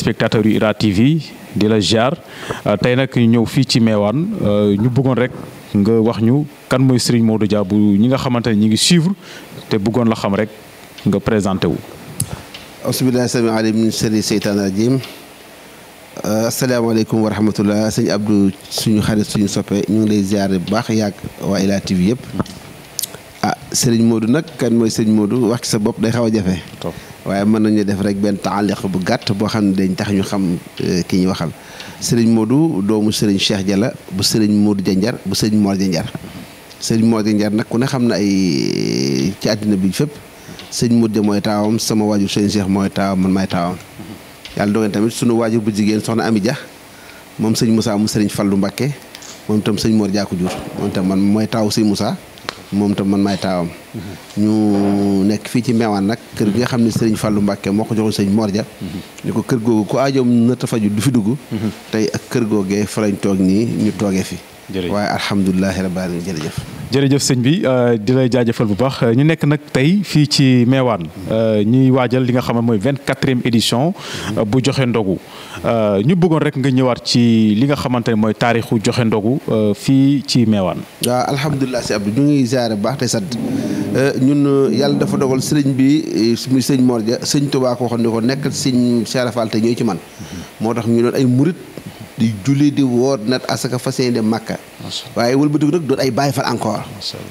téléspectateurs yu Ira TV di la ziar euh, tey nag ñu ñëw fii ci Mewane euh, ñu buggoon rek nga wax ñu kan mooy Serigne Modou Dia ñi nga xamante ne ñu ngi suivre te bëggoon la xam rek nga présenté wu. asalaamaaleykum sëñ Aliou min sharri seytaani rajiim euh, asalaamaaleykum wa rahmatulah sëñ Abdou suñu xarit suñu soppe ñu ngi lay ziar bu baax yàgg waa yëpp ah Serigne Modou nag kan mooy Serigne Modou wax ci sa bopp day xaw a jafe. waaye mën nañu def rek benn taaliq bu gàtt boo xam ne dañ tax ñu xam euh, ki ñu waxal sëriñ moodu doomu sëriñ Cheikh Jalla bu sëriñ Modou Janjar bu sëriñ Mor Janjar sëriñ Mor Janjar nag ku ne xam na ay euh, ci àddina bi fépp sëriñ Modou mooy taawam sama waajur sëriñ Cheikh mooy taawam man may taawam yàlla dogal tamit suñu waajur bu jigéen soxna Ami Dia moom sëriñ Moussa mu sëriñ Fallou Mbacké moom tam sëriñ Mor Jaaku jur moom man mooy taaw sëriñ Moussa moom tam man maay taawam. ñu nekk fii ci Mewane nag. kër gi nga xam ne sëriñ Fallou Mbacke moo ko joxoon sëñ Mor Dia. ko kër googu ku aajoom na tafaju du fi dugg. Uhuh. tey kër googee fa lañ toog nii ñu toogee fii jërëjëf waaye alhamdulilahi rabbil alamin jërëjëf. jërëjëf sëñ bi euh, di lay jaajëfal bu baax ñu nekk nag tey fii ci Meewaan euh, ñuy waajal li nga xam ne mooy vingt quatrième édition euh, bu joxe ndogu ñu bëggoon rek nga ñëwaat ci li nga xamante ne mooy taarixu joxe ndogu fii ci Meewaan. waaw alhamdulilah si Abdou ñu ngi ziare bu baax tey sant ñun yàlla dafa dogal sëriñ bi muy sëñ Mor Dia sëñ Tuubaa ko waxoon ni ko nekk sëñ Cheikh te ñooy ci man mhm. moo tax ñu doon ay murit di julli di woor nat asaka fas yéene màkka waaye wëlbatiku nag doon ay bàyyi fal encore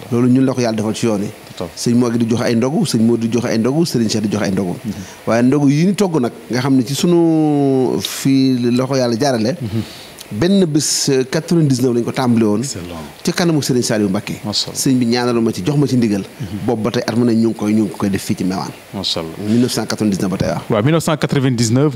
loolu ñun la ko yàlla defal ci yoon sëñ moo gi di joxe ay ndogu sëñ moo di joxe ay ndogu sëriñ Cheikh di joxe ay ndogu mhm. waaye ndogu yi ñu togg nag nga xam ne ci sunu fii la ko yàlla jaarale mhm. benn bés 99 euh, lañ ko tàmbali woon ci kanamu Serigne Saliou Mbacké sëñ bi ñaanal ma ci jox ma ci ndigal mhm. boobu ba tey at mu ne ñu ngi koy ñu ngi koy def fii ci Mewane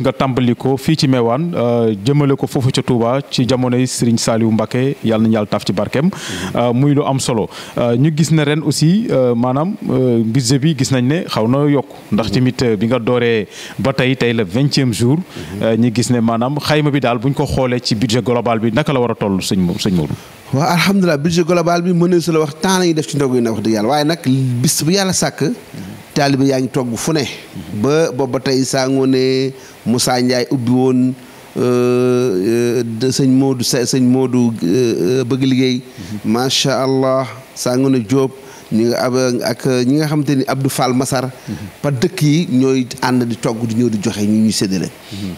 nga tàmbali ko fii ci Mewane euh, jëmale ko foofu ca Touba ci jamonoy Serigne Saliou Mbacké yàlla na yàlla taaf ci barkeem mhm. euh, muy lu am solo ñu gis ne ren aussi maanaam budget bi gis nañ ne xaw na yokk ndax mhm. tamit bi nga dooree ba tey tey le vingtième jour ñu gis ne maanaam xayma bi daal buñ ko xoolee ci global bi naka la war a sañ sëñ sëñ Modou. waaw alhamdulilah budget global bi mën su la wax temps la def ci ndog yi na wax dëgg yàlla waaye nag bis bu yàlla sàkk. taalibe yaa ngi togg fu ne. ba booba tey saa ngoone musaa Ndiaye ubbi woon euh, euh, sëñ Modou sëñ Modou euh, bëgg liggéey. Mhm. macha allah saa ngoone Diop. ñu nga ak ñi nga xamante ni Abdou Fall Massar par dëkk yi ñooy ànd di togg di ñëw di joxe ñu ñuy séddale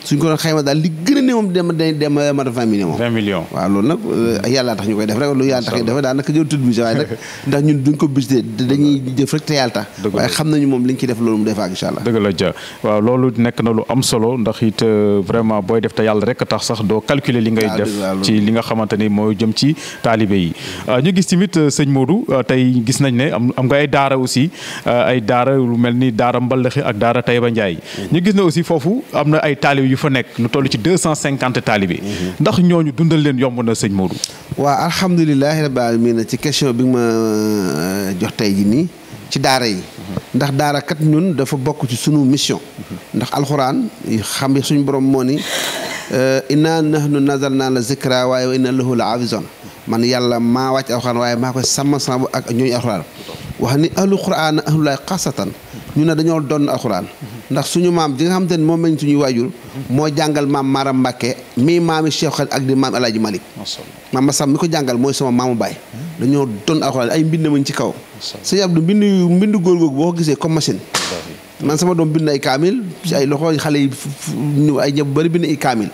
suñ ko doon ma daal li gën a néew dem dem mat vingt millions vingt millions waaw loolu nag eh, yàlla tax ñu koy def rek loolu yàlla tax dafa daal naka jël ko budget dañuy te yàlla tax waaye xam nañu moom li ñu ci def loolu mu defaak incha allah dëgg la ja waaw loolu nekk na lu am solo ndax it eh, vraiment booy def te yàlla rek tax sax doo calculer li ngay ah, def ci li nga xamante ni mooy jëm ci taalibe yi mm. ah, ñu gis tamit eh, sëñ Modou tey gis nañ nañ ne am am nga ay daara aussi euh, ay daara lu mel ni daara Mbalaxi ak daara Taïba Ndiaye mm-hmm. ñu gis ne aussi foofu am na ay taalibe yu fa nekk lu toll ci deux cent cinquante taalibe mm-hmm. ndax ñooñu dundal leen yomb na sëñ Modou waaw alhamdulilahi rabbil alamin ci question bi ma jox tey ji nii ci daara yi mm-hmm. ndax daara kat ñun dafa bokk ci suñu mission ndax alxuraan xam suñu borom moo ni euh, nu nahnu naa la zikra waaye wa inna lahu la hafizun man yàlla maa wàcc alxuraan waaye maa koy sàmm sàmm ak ñooñu alxuraan wax ni ahlu quraan ahlulaay tan ñu ne dañoo doon alxuraan ndax suñu maam di nga xam te ne moom lañ suñuy waajur moo jàngal maam Maram Mbàkke mii maami Cheikh Xalil ak di maam Alaaji Malik maam sam mi ko jàngal mooy sama maamu baay hmm. dañoo doon alxuraan ay mbind mañ ci kaw sëñ Abdou mbind yu mbind góor googu boo ko gisee comme machine man sama doom bind ay kaamil ci ay loxo xale yi ay ñëpp bëri bind ay kaamil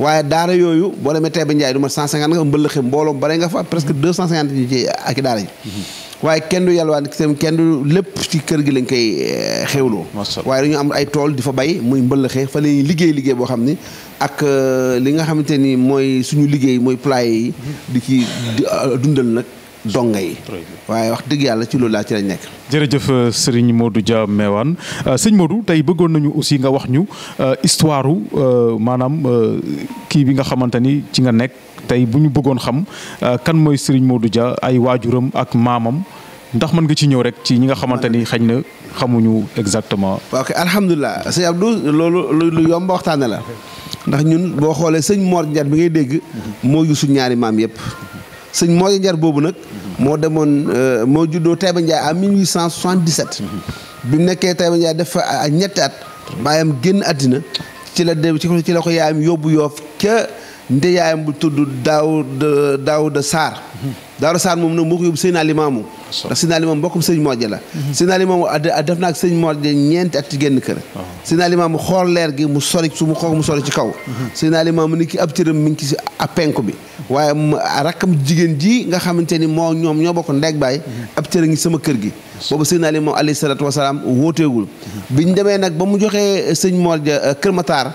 waaye daara yooyu boo demee Taïba Ndiaye du ma cent cinquante nga mbëllëxe mbooloo bare nga fa presque deux cent cinquante ñi ci ak daara yi mhm. waaye kenn du yalwaan kenn du lépp ci kër gi lañ koy eh, xewloo waaye dañu am ay tool di fa bay muy mbëllëxe fa lañuy liggéey liggéey boo xam ne ak eh, li nga xamante nii mooy suñu liggéey mooy pla yi mhm. di ci eh, dundal nag donga yi waaye wax dëgg yàlla ci loolu laa ci lañ nekk jërëjëf euh, sëriñ Modou Dia Mewane euh, sëñ Modou tey bëggoon nañu aussi nga wax ñu euh, histoire maanaam kii bi nga xamante ni ci nga nekk tey bu ñu bëggoon xam kan mooy sëriñ moodu Dia ay waajuram ak maamam ndax man nga ci ñëw rek ci ñi nga xamante ni xañ na xamuñu exactement ok alhamdulilah sëñ Abdou loolu lu yomb waxtaane la ndax ñun boo xoolee sëñ Mor Ndiaye bi ngay dégg moo gisul ñaari maam yëpp sëñ Mor Njaar boobu nag moo demoon euh, moo juddoo Taïba Ndiaye en 1877 bi mu nekkee Taïba Ndiaye def fa ñetti at mbaayam génn àddina ci la dem ci la ko yaayam yóbbu yoof ca nde bu tudd daaw daaw de Sarr Daaru Saan moom nag moo ko yóbbu sëñ naa limaamu ndax sëñ naa limaamu mbokkum sëñ Moodja la sëñ naa limaamu def naa ak sëñ Moodja ñeenti at ci génn kër ah. sëñ naa limaamu xool leer gi mu sori su mu xoog mu sori ci kaw mhm. sëñ naa limaamu ni ki ab cëram mi ngi ci ab penku bi waaye rakkam jigéen ji nga xamante ni moo ñoom ñoo bokk ndeeg baay mhm. ab cëram ngi sama kër gi boobu sëñ naa limaamu alayhi salaatu wasalaam wóoteegul mhm. ñu demee nag ba mu joxee eh, sëñ Moodja eh, Kër Matar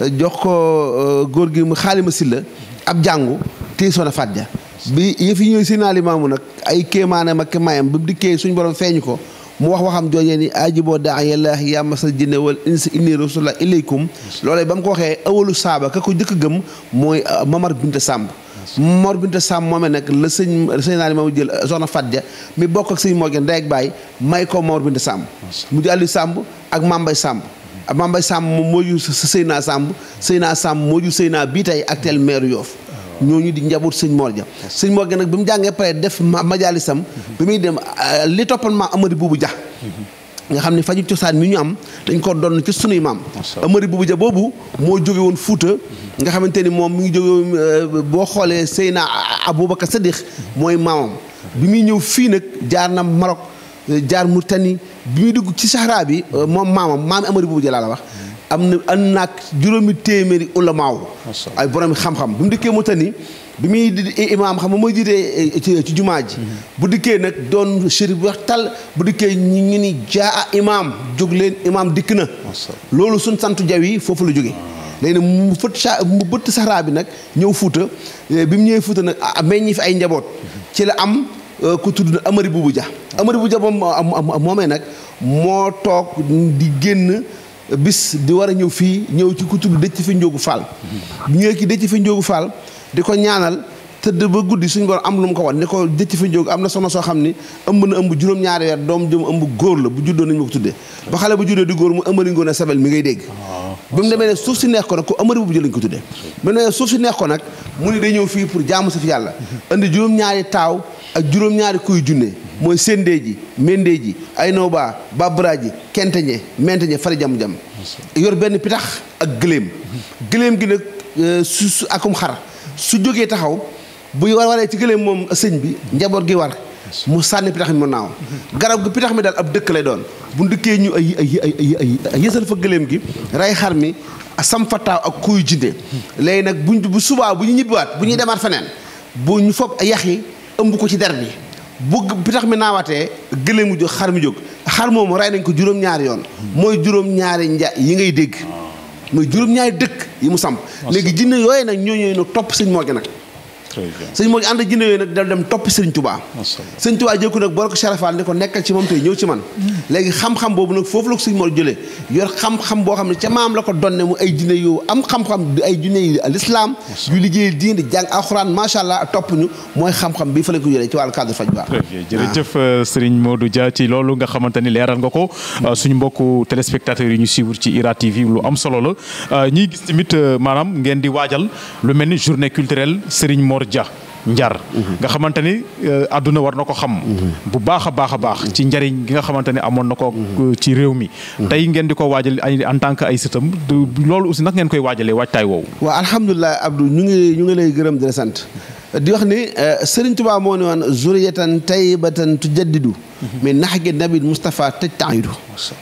eh, jox ko góor gi mu xaalima silla ab jàngu téye soon a bi yëf yi ñëw si naa limaamu nag ay kéemaanam ak mayam bi mu dikkee suñu borom feeñu ko mu wax waxam joojee ni ajiboo daa yàlla yaa masal jinne wal insi inni rasulullah ilaykum loolee ko waxee awalu saaba ka ko njëkk gëm mooy uh, Mamar Binta Samb Mor Binta Samb moomee nag la sëñ sëñ naa limaamu jël uh, soxna Fadja mi bokk moo gën may ko Mor Binta Samb mu di Aliou Samb ak Mambay Samb mm-hmm. Mambay Samb moom moo jur Seyna Samb Seyna Samb moo bii tey actuel maire Yoff ñooñu di njaboot sëñ Mor ja sëñ Mor ja nag bi mu jàngee pare def majaalisam bi muy dem euh, li toppal maam Amari Buubu Ja nga xam ne faju cosaan mi ñu am dañ ko doon ci sunuy maam amari bubu ja boobu moo jóge woon fuuta nga xamante ni moom mu ngi jóge euh, boo xoolee Seyna sa Sadikh mooy maamam bi muy ñëw fii nag jaar na Maroc euh, jaar mu Murtani bi muy dugg ci Sahara bi moom maamam maam amari bubu ja laa la wax am na am naag juróomi téeméeri ulamaaw ay borom xam-xam bu mu dikkee mu tani bi muy imaam xam nga mooy jiitee eh, ci jumaa ji mhm. bu dikkee nag doon chérif bu wax tal bu dikkee ñu ñu ni jaa imaam jóg leen imaam dikk na loolu suñ santu jaw yi foofu la jóge ah. léegi nag mu fët sa bi nag ñëw fuuta eh, bi mu ñëwee fuuta nag ah, meññi fi ay njaboot mhm. ci la am eh, ku tudd na amari bubu ja amari bubu ja ah, moomee nag moo toog di génn bis di war a ñëw fii ñëw ci ku tudd dëcc fi njóogu faal bu ñëwee ki dëcc fi njóogu faal di ko ñaanal tëdd ba guddi suñ borom am lu mu ko wan ni ko dëcc fa njóogu am na soxna soo xam ni ëmb na ëmb juróom-ñaari weer doom jëm ëmb góor la bu juddoo nañu ma ko tuddee ba xale bu juddoo di góor mu ëmari ngoon a sabel mi ngay dégg ah, ba mu demee ne suuf si neex ko nag ku ëmari bu jël ko tuddee ba mu demee suuf si neex ko nag mu ni day ñëw fii pour jaamu sa fi yàlla indi juróom-ñaari taaw ak juróom kuy junne mooy Sendeji Mendeji Aynoba Babraji Kenteñe Menteñe Fari Jam Jam. yor benn pitax ak gëléem. gëléem gi nag euh, su su akum xar su jógee taxaw buy war waree ci gëléem moom sëñ bi njaboot gi war. mu sànni pitax mi mu naaw. garab gi pitax mi daal ab dëkk lay doon. bu ndëkkee ñu ay ay ay ay yësal fa gëléem gi. rey xar mi sam fa ak kuy jinde léegi nag buñ bu subaa bu ñu ñibbiwaat bu ñuy demaat feneen bu ñu fob yax yi ëmb ko ci der bi. bu pitax mi naawatee gëlee mu jóg xar mi jóg xar moomu rey nañ ko juróom-ñaari yoon mooy juróom-ñaari nja yi ngay dégg mooy juróom-ñaari dëkk yi mu samp léegi jinne yooyu nag ñoo ñooy topp sëñ moo gi nag sëñ moo ànd jinne yooyu nag dal dem topp sëriñ Touba sëñ Touba jëkku nag boo ko sarafaal ni ko nekkal ci moom tey ñëw xam boobu nag foofu la moo jëlee yor xam-xam boo xam ne ca maam la ko donne mu ay jinne yu am xam-xam ay jinne yi l'islam yu liggéey diin di jàng alxuraan macha allah topp ñu mooy xam-xam bii fa lañ ko jëlee ci wàllu cadre faj baax jërëjëf euh, sëriñ Modou Dia ci loolu nga xamante ni leeral nga ko mm-hmm. euh, suñu mbokku téléspectateurs yi ñu suivre ci IRA TV lu am solo la euh, ñiy gis tamit maanaam ngeen di waajal lu mel ni journée culturel sëriñ moo Mor Dia njar nga xamante ni euh, àdduna war na ko xam bu baax a baax a baax ci njariñ gi nga xamante ni amoon na ko ci réew mi tey ngeen di ko waajal en tant que ay sëtam loolu aussi nag ngeen koy waajalee waajtaay woowu waaw alhamdulilah Abdou ñu ngi ñu lay gërëm di la sant di wax ni euh, Serigne Touba moo ne woon zuriyatan tayyibatan tujaddidu mais nax gi nabil Moustapha tëj temps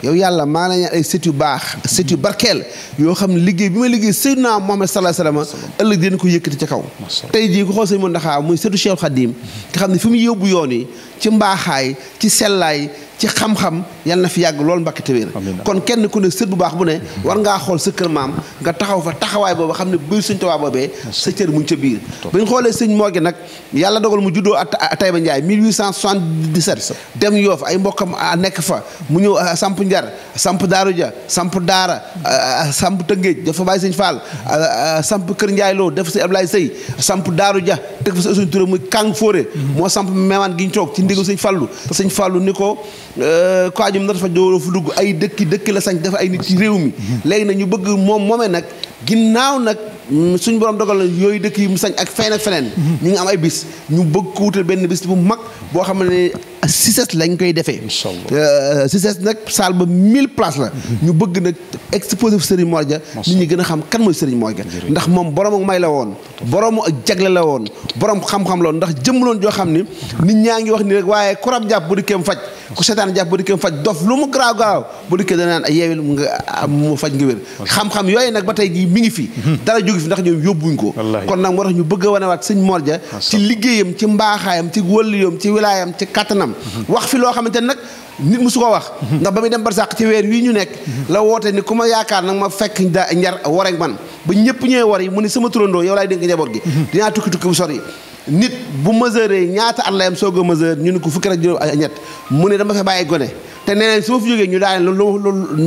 yow yàlla maa la ñaan ay sët yu baax sët yu barkeel yoo xam ne liggéey bi ma liggéey Seydina Muhammad sallallahu alayhi wasallam ëllëg dina ko yëkkati ci kaw tey jii ku xool Serigne Mountakha muy sëtu Cheikh Khadim nga xam ne fi mu yóbbu yoon yi ci mbaaxaay ci sellaay ci xam-xam yal na fi yàgg lool mbàkke te wér kon kenn ku ne sët bu baax bu ne war ngaa xool sa kër maam nga taxaw fa taxawaay booba xam ne biir suñ Tuubaa boobee sa cër mu ngi ca xoolee sëñ Mooge nag yàlla dogal mu juddoo a Tayba Njaay 1877 dem Yoof ay mbokkam ah, nekk fa mu ñëw ah, samp Njar samp Daaru Ja samp Daara ah, samp Tëngéej dafa bàyyi sëñ Fall samp Kër Njaay Loo def sëñ Ablaay Sëy samp Daaru Ja teg fa sa Useynu Turé moo samp meewaan gi ñu toog ci ndigal sëñ Fallu sëñ Fallu ni ko Kouadium euh, nar fa jooro fu dugg ay dëkki dëkk la sañ dafa ay nit ci réew mi mhm. léegi nag ñu bëgg moom moomee nag ginnaaw nag mm, suñ borom dogal yooyu dëkk yi mu sañ ak feneen ak feneen mhm. ñu ngi am ay bis ñu bëgg ko wutal benn bis bu mag boo xam ne CICES lañ koy defee. Euh, CICES nag saal ba 1000 places la. ñu bëgg nag exposé fu Serigne Mor Dia. nit ñi gën a xam kan mooy Serigne Mor ndax moom boromu may la woon. boromu ak jagle la woon. borom xam-xam ndax jëmm loon joo xam ni. nit ñaa ngi wax ni rek waaye ku rab jàpp bu dikkeem faj. ku seetaan jàpp bu dikkeem faj dof lu mu garaaw garaaw bu dikkee danaan yeewil ah, mu faj nga wér. xam-xam yooyu nag ba tey jii mi ngi fi. Mhm. dara jógi fi ndax ñoom yóbbuñ ko. kon nag moo tax ñu bëgg a wanewaat Serigne Mor Dia. ci liggéeyam ci mbaaxaayam ci wëlliyam ci wilaayam ci kattanam kanam wax fi loo xamante ne nag nit su ko wax ndax ba muy dem barsàq ci weer wii ñu nekk la wootee ni ku ma yaakaar nag ma fekk da njar war man ba ñëpp ñooy war yi mu ni sama turandoo yow laay dénk njaboot gi dinaa tukki tukki bu sori nit bu mesuré ñaata at la soo soog a mesure ñu ne ko fukki ak juróom ñett mu ne dama fa bàyyi gone te nee soo su ma fi jógee ñu daaneel lu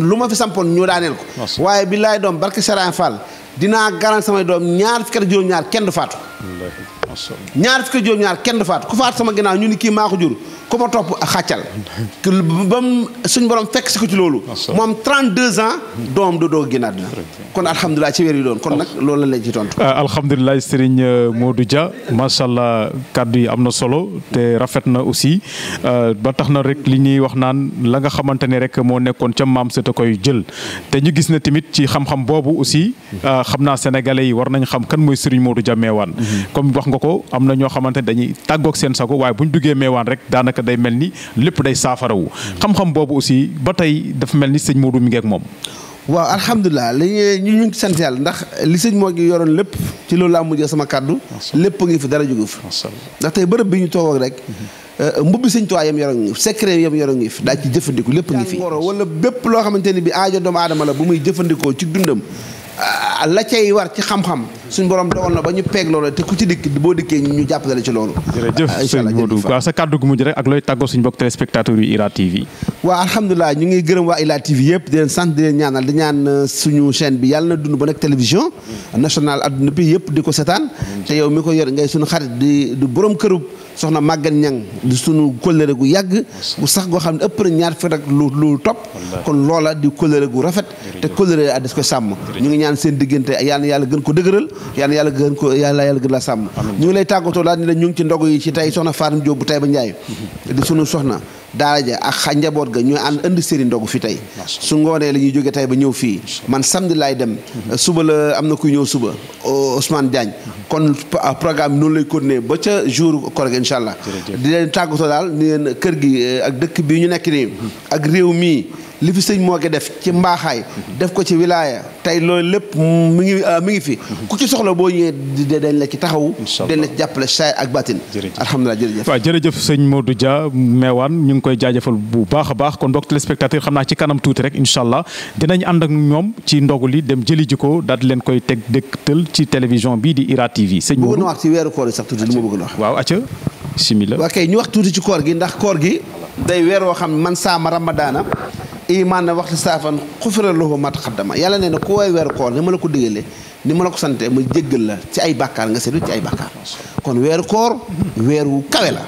lu ma fi sampoon ñu daaneel ko waaye bi billaay doom barke Serigne Fall dinaa garan samay doom ñaar fukki ak juróom ñaar kenn du faatu ñaar fukki juróom ñaar kenn du faatu ku faatu sama ginnaaw ñu ni kii maa ko jur ku ma topp xàccal ba mu suñ borom fekk si ko ci loolu moom 32 ans doom du doog génnaat dina kon alhamdulilah ci weer yi doon kon loolu la leen ci tontu ah, alhamdulilah Serigne euh, Modou Dia macha allah kàddu yi am na solo te rafet na aussi euh, ba tax na rek li ñuy wax naan la nga xamante ne rek moo nekkoon ca maam sa te koy jël te ñu gis na tamit ci xam-xam boobu aussi euh, xam naa sénégalais yi war nañ xam kan mooy Serigne Modou Dia Mewane mm-hmm. comme wax ko am na ñoo xamante ne dañuy tàggook seen sago waaye bu ñu duggee meewaan rek daanaka day mel ni lépp day saafarawu xam-xam boobu aussi ba tey dafa mel ni sëñ Modou mi ngi moom waaw alhamdulilah li ñu ñu ngi ndax li sëñ moo ngi yoroon lépp ci loolu laa mujjee sama kàddu lépp ngi fi dara jógu fi ndax tey bërëb bi ñu toogoog rek mhm. euh, mbubbi sëñ tuwaay yam yoroon ngi fi secret yam yoroon ngi fi daa ci jëfandiku lépp ngi fi wala bépp loo xamante ni bi aajo doomu aadama la bu muy jëfandikoo ci dundam euh, la cay war ci xam suñ borom dogal na ba ñu peeg loolu te ku ci dikk boo dikkee ñu jàppale ci loolu. jërëjëf sëñ Modou waaw sa kàddu gu mujj rek ak looy tàggoo suñu bokk téléspectateur yu Ira TV. ngi gërëm waa Ira di sant di leen ñaan euh, suñu chaîne bi yàlla na dund ba nekk télévision nationale adduna bi yëpp di ko setaan te yow mi ko yor ngay suñu xarit di du borom kërub soxna Maguette Niang di sunu kóllëre gu yàgg bu sax goo xam ne ëpp na ñaar fi rek lu lu topp kon loola di kóllëre gu rafet te kóllëre a des ko sàmm ñu ngi ñaan seen diggante yàlla yàlla gën ko dëgëral yàlla yàlla gën ko yàlla yàlla gën la sàmm ñu lay tàggatoo daal ni la ñu ngi ci tey soxna Faram Diop bu Taïba Ndiaye mhm. di sunu soxna daara ja ak xa ga ñu ànd indi sëriñ ndogu fi tey su ngoonee la ñuy jógee tey ba ñëw fii man samedi laay dem mhm. suba la am na kuy ñëw suba Ousmane Diagne mhm. kon programme noonu lay continuer ba ca jour koor gi allah di leen tàggatoo daal kër gi eh, ak dëkk bi ñu nekk nii ak réew mii li fi sëñ moo ko def ci mbaaxaay def ko ci wilaaya tey loolu lépp mu ngi euh, mi ngi fi. Mhm. ku ci soxla boo ñëwee dañ la ci taxaw. dañ la ci jàppale saay ak baatin. jërëjëf alhamdulilah jërëjëf. waaw jërëjëf sëñ Modou Dia Mewane ñu ngi koy jaajëfal bu baax a baax kon mbokk téléspectateur xam naa ci kanam tuuti rek incha allah dinañ ànd ak ñoom ci ndogu li dem jëli ji ko daal di leen koy teg dëkk tël ci télévision bii di Ira TV. sëñ Modou bëgg na wax ci weeru koor yi sax tuuti li ma bëgg a wax. waaw acca simila. waaw kay ñu wax tuuti ci koor gi ndax koor gi day weer xam ne man saama ramadaana iman na waxti saafan xufira lahu ma taqaddama yàlla nee na ku waay weeru koor ni ma la ko digalee ni ma la ko sante ma jéggal la ci ay bàkkaar nga seetlu ci ay bàkkaar kon weeru koor weeru kawe la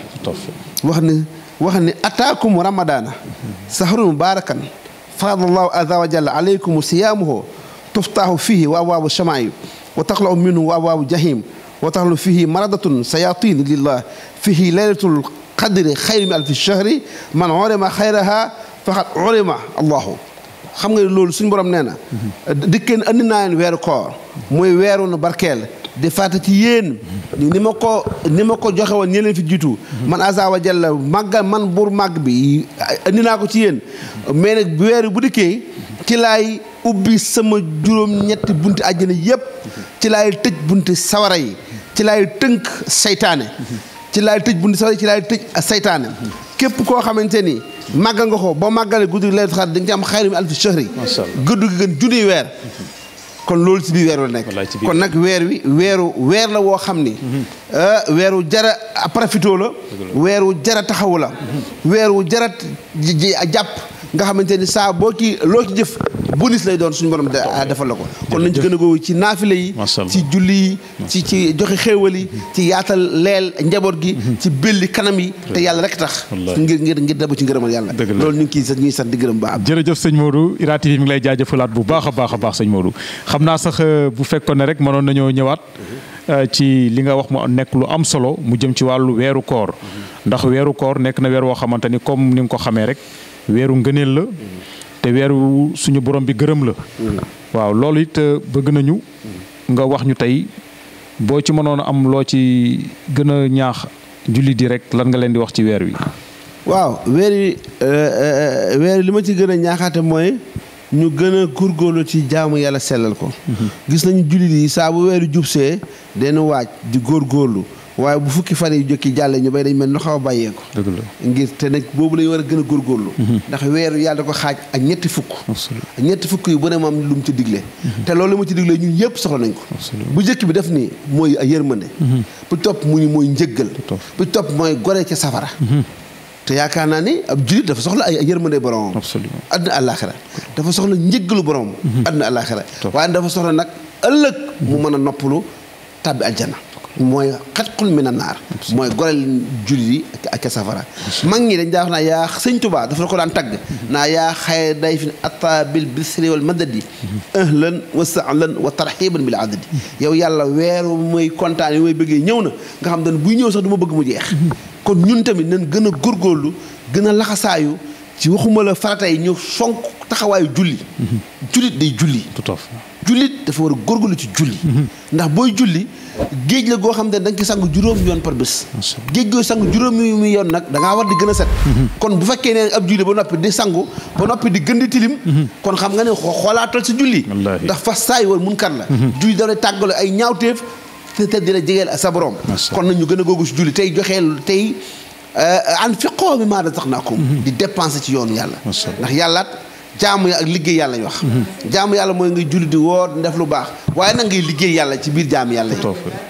wax ni wax ni ataakum ramadaana sahrun mubarakan faradallahu azza wa jalla alaykum siyaamuhu tuftaahu fihi wa abwaabu shamaa'ib wa taxlaw minhu wa abwaabu jahim wa taxlu fihi maradatun sayatin lillah fihi laylatul qadri xayri mi alfi shahri man orima xayraha faqat orima allahu xam nga loolu suñ borom nee na dikkeen andi naa leen weeru koor mooy weeru nu barkeel di fàtte ci yéen ni ma ko ni ma ko joxe woon ñeneen fi jiitu man azza wa jalla màgga man buur màgg bi andi naa ko ci yéen mais nag weeru bu dikkee ci lay ubbi sama juróom-ñetti bunti àjjana yépp ci lay tëj bunt sawara yi ci lay tënk seytaane ci laay tëj bunt sawara ci laay tëj saytaane képp koo xamante ni màggal nga ko boo màggalee guddi laylatul qadr da nga am xayru min alfi shahri guddu gi gën weer kon loolu ci biir weer la nekk kon nag weer wi weeru weer la woo xam ni ah, weeru jara profito la weeru jara taxawu la weeru jara jàpp nga xamante ni saa boo ci loo ci jëf bonus lay doon suñu borom ah, defal la ko kon nañ ci gën a góobu ci naafile yi ci julli yi ci ci joxe xéewal yi mm-hmm. ci yaatal leel njaboot gi mm-hmm. ci belli kanam yi te yàlla rek tax ngir ngir ngir dabu ci ngërëmal yàlla loolu ñu kii sax ñuy sant di gërëm ba am jërëjëf sëñ Modou mi ngi lay jaajëfalaat bu baax a baax a baax sëñ xam naa sax euh, bu fekkoon ne rek mënoon nañoo ñëwaat mm-hmm. euh, ci li nga wax mu nekk lu am solo mu jëm ci wàllu weeru koor ndax weeru koor nekk na weer woo xamante ni comme ni nga ko xamee rek weeru ngëneel la te weer wu suñu borom bi gërëm la. waaw loolu it euh, bëgg nañu. nga wax ñu tey boo ci mënoon a loo ci gën a ñaax jullit yi rek lan nga leen di wax ci weer wi. waaw weer wi euh, euh, li ma ci gën a ñaaxaate mooy ñu gën a góorlu ci jaamu yàlla sellal ko. Mhm. gis nañu jullit yi saabu bu weeru jub see den waaj di góor góorlu waaye bu fukki fan yu jëkki jàllee ñu bay dañ mel na xaw a bàyyee ko ngir te nag boobu lay war a gën a góorgóorlu mhm. ndax weeru yàlla ko xaaj ak ñetti fukk ñetti fukk yi bu ne maam lu mu ci digle mhm. te loolu lu mu ci digle ñun yëpp soxla nañ ko bu jëkk bi def nii mooy yërmande mhm. bu topp mu ñu mooy njëggal bu topp mooy gore ca safara te yaakaar naa ni ab jullit dafa soxla ay yërmande boromam absolument àdduna àllaaxira dafa soxla njëggalu boromam àdduna àllaaxira waaye dafa soxla nag ëllëg mu mën a noppalu tàbbi aljana mooy xatqul mina naar mooy goreel jullit yi ak safara mag ñi dañ daa wax naa yaa sëñ tubaa dafa la ko daan tagg naa yaa xayra dayfin ataa bil bisri wal madadi ahlan wa sahlan wa tarxiban bil adadi yow yàlla weeru mooy kontaan yi mooy bëggee ñëw na nga xam dañ buy ñëw sax du ma bëgg mu jeex kon ñun tamit nan gën a góorgóorlu gën a laxasaayu ci waxuma la farata yi ñu fonk taxawaayu julli jullit day julli jullit dafa war a góorgóorlu ci julli mhm. ndax booy julli géej la goo xam ne da nga koy sangu juróom yoon par bés géej gooy sangu juróomi muy yoon nag da war di gën a set mhm. kon bu fekkee ne ab julli ba noppi di sangu ba noppi di gën di tilim mhm. kon xam nga ne xoolaatal si julli ndax fas saay woon mun kan la julli dafa lay tàggale ay ñaawteef te te di la jegeel sa borom kon nag ñu gën a googu si julli tey joxeel tey euh, an fiqoo bi maa da tax naa ko di dépenser ci yoonu yàlla ndax jaamu ya ak liggéey yàlla ñu wax. jaamu yàlla mooy ngay julli di woor def lu baax waaye nag ngay liggéey yàlla ci biir jaamu yàlla yi.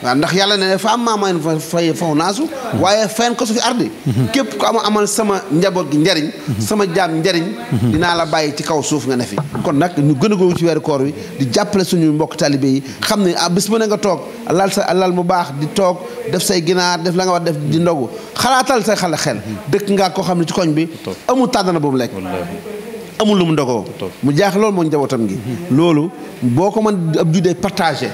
waaw ndax yàlla ne fa am maamaay fa fay faw naasu. waaye fayn ko su fi ardi. képp ku am amal sama njaboot gi njariñ. sama jaam njariñ. dinaa la bàyyi ci kaw suuf nga ne fi. kon nag ñu gën a góob ci weeru koor wi di jàppale suñuy mbokk talibé yi xam ne ah bis bu ne nga toog lal sa lal mu baax di toog def say ginaar def la nga war def di ndogu xalaatal say xale xel dëkk nga koo xam ne ci koñ bi amul tàddana boobu lekk amul lu mu ndogoo mu jaax loolu moo njabootam gi loolu boo ko mën ab juddee partagé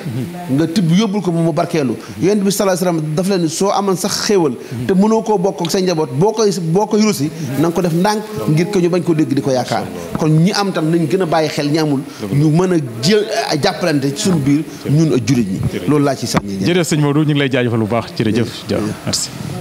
nga tibb yóbbul ko moom mu barkeelu yonent bi sallallahu alayhi wasallam daf leen soo amoon sax xéewal te mënoo koo bokk ak sa njaboot boo koy boo ko yurusi na nga ko def ndànk ngir ko ñu bañ ko dégg di ko yaakaar kon ñi am tam nañ gën a bàyyi xel ñi amul ñu mën a jël jàppalante ci suñu biir ñun ak jullit ñi loolu laa ci sànni jërëjëf sëñ Maodo ñu ngi lay jaajëfal bu baax jërëjëf merci